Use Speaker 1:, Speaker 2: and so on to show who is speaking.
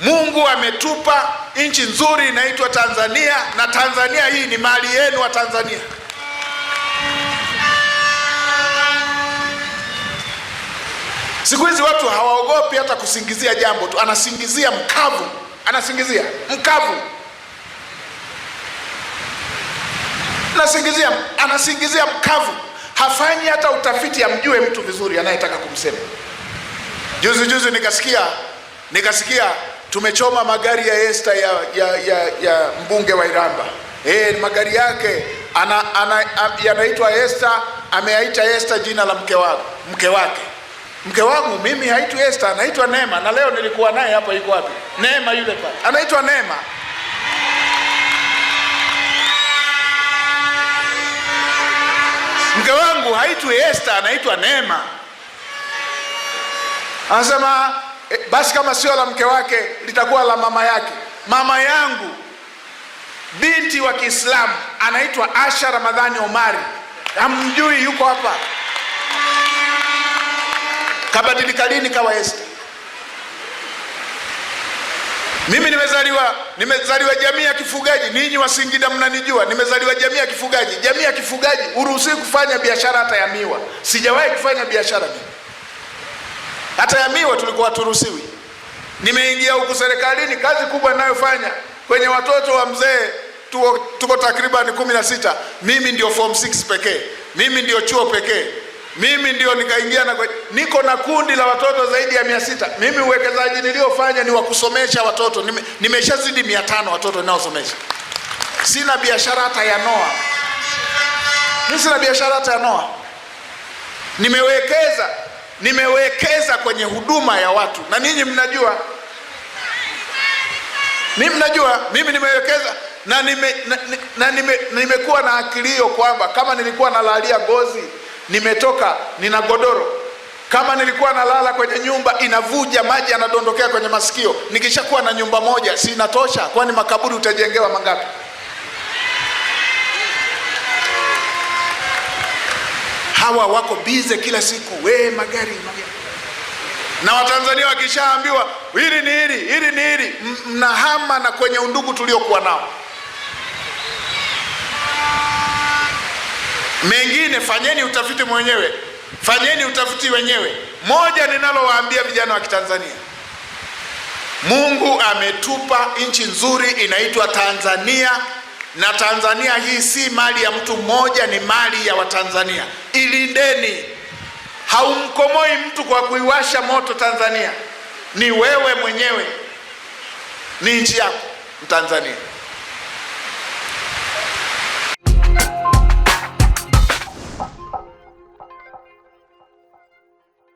Speaker 1: Mungu ametupa nchi nzuri inaitwa Tanzania, na Tanzania hii ni mali yenu wa Tanzania. Siku hizi watu hawaogopi hata kusingizia jambo tu, anasingizia mkavu, anasingizia mkavu, anasingizia anasingizia mkavu, hafanyi hata utafiti amjue mtu vizuri anayetaka kumsema. Juzi juzi nikasikia nikasikia Tumechoma magari ya Esther ya, ya, ya, ya mbunge wa Iramba e, magari yake ana, ana, yanaitwa Esther, ameaita Esther jina la mke wake, mke wake mke wangu mimi haitwi Esther, anaitwa Neema, na leo nilikuwa naye hapa. Yuko wapi Neema? Yule pale anaitwa Neema. Mke wangu haitwi Esther, anaitwa Neema. Anasema basi kama sio la mke wake litakuwa la mama yake. Mama yangu binti wa Kiislamu anaitwa Asha Ramadhani Omari, amjui? Yuko hapa, kabadilika lini kawa Esta? Mimi nimezaliwa nimezaliwa jamii ya kifugaji, ninyi wa Singida mnanijua. Nimezaliwa jamii ya kifugaji. Jamii ya kifugaji huruhusi kufanya biashara hata ya miwa, sijawahi kufanya biashara mimi hata ya miwa tulikuwa turuhusiwi. Nimeingia huku serikalini, kazi kubwa ninayofanya kwenye watoto wa mzee tuko, tuko takriban kumi na sita. Mimi ndio form 6 pekee, mimi ndio chuo pekee, mimi ndio nikaingia na niko na kundi la watoto zaidi ya mia sita. Mimi uwekezaji niliofanya ni wa kusomesha watoto, nimeshazidi mia tano watoto ninaosomesha. Sina biashara hata ya noa, mimi sina biashara hata ya noa, nimewekeza nimewekeza kwenye huduma ya watu, na ninyi mnajua, ni mnajua mimi nimewekeza na nime, na, na, nime, nimekuwa na akili hiyo kwamba kama nilikuwa nalalia gozi nimetoka, nina godoro. Kama nilikuwa nalala kwenye nyumba inavuja maji yanadondokea kwenye masikio, nikishakuwa na nyumba moja si inatosha? Kwani makaburi utajengewa mangapi? hawa wako bize kila siku, we magari, magari. Na Watanzania wakishaambiwa hili ni hili, hili ni hili, mnahama na kwenye undugu tuliokuwa nao. Mengine fanyeni utafiti mwenyewe, fanyeni utafiti wenyewe. Moja ninalowaambia vijana wa Kitanzania, Mungu ametupa nchi nzuri inaitwa Tanzania na Tanzania hii si mali ya mtu mmoja, ni mali ya Watanzania. Ilindeni. Haumkomoi mtu kwa kuiwasha moto Tanzania, ni wewe mwenyewe, ni nchi yako Mtanzania.